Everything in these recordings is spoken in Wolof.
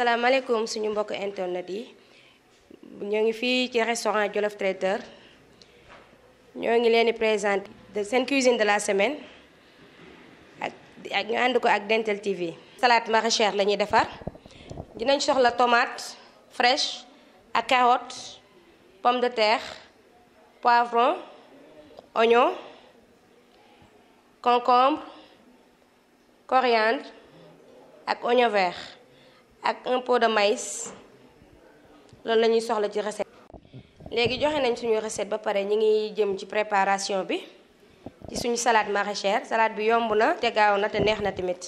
salaamaaleykum suñu mbokk internet yi Nous ngi fii ci restaurant Jolof Traiteur Nous ngi leen présenter de seen cuisine de la semaine ak ak ñu ànd ko ak Dental TV salade maraîchère la ñuy defar dinañ soxla tomate fraîche ak carotte pomme de terre poivron oignon concombre coriandre ak oignon vert ak un pot de maïs loolu la ñuy soxla ci recette. léegi joxe nañ suñu recette ba pare ñi ngi jëm ci préparation bi ci suñu salade maraîchère salade bi yomb na te gaaw na te neex na tamit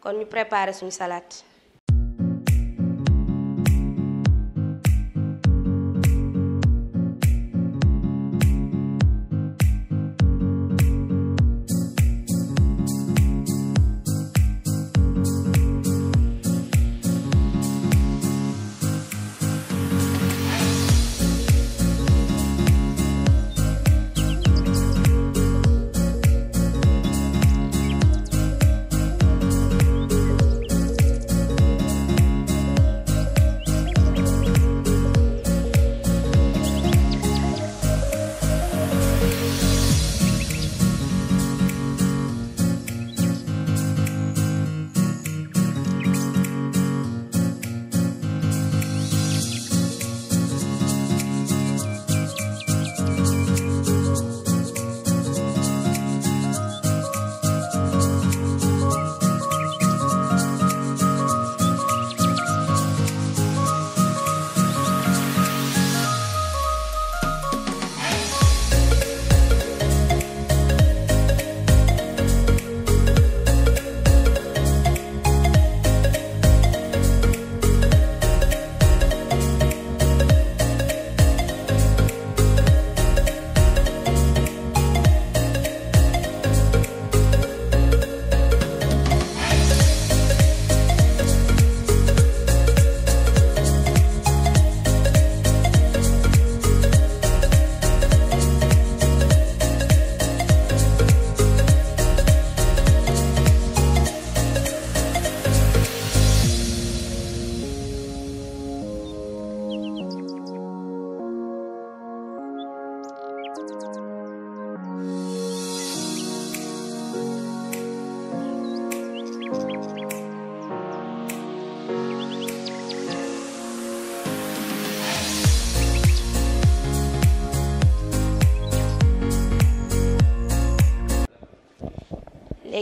kon ñu préparer suñu salade.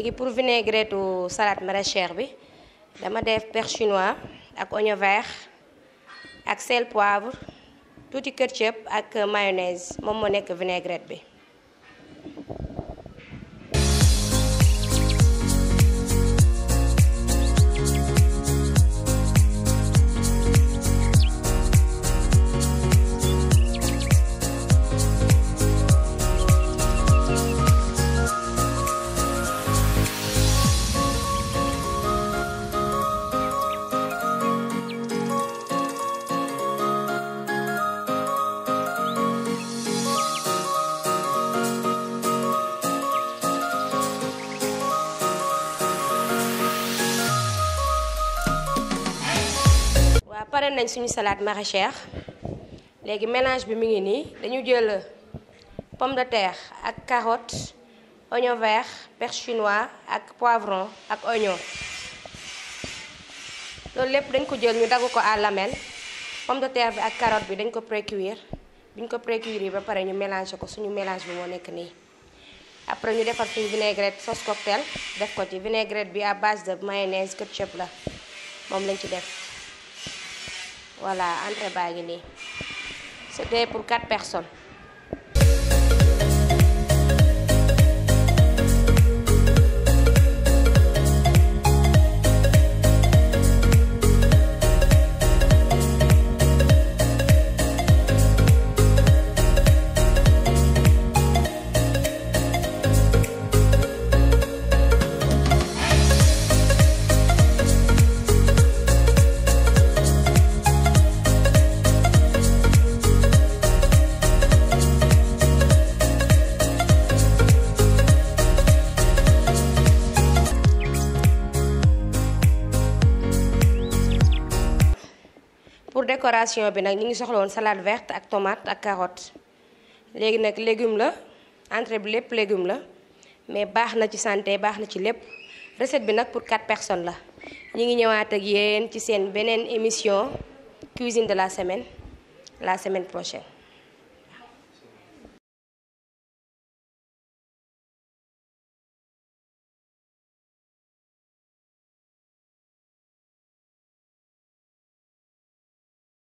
Et pour vinaigrette salade maraîchère bi dama def perche chinois ak oignon vert ak sel poivre tuuti ketchup ak mayonnaise mon moo vinaigrette bi. pare nañ suñu salade maraîchère Les mélange bi mu ngi nouilles, dañu jël pomme de terre ak carotte oignon vert perchinois noir ak poivron ak oignon loolu lépp dañ ko jël ñu dagg ko à lamelle pomme de terre bi ak carotte bi dañ ko précuire buñ ko précuire yi ba mélange, ñu mélanger ko suñu mélange bi moo nekk nii après ñu defar vinaigrette sauce cocktail def ko ci vinaigrette bi à base de mayonnaise ketchup la Mon lañ ci def voilà entrée baa ngi nii c'était pour quatre personnes pour décoration bi avons ñi ngi salade verte ak tomate ak carotte carottes. nak légume la entrée légumes, lépp légume la mais baax ci santé baax na ci lépp recette bi pour 4 personnes la allons ngi ñëwaat ak yeen ci seen émission cuisine de la semaine la semaine prochaine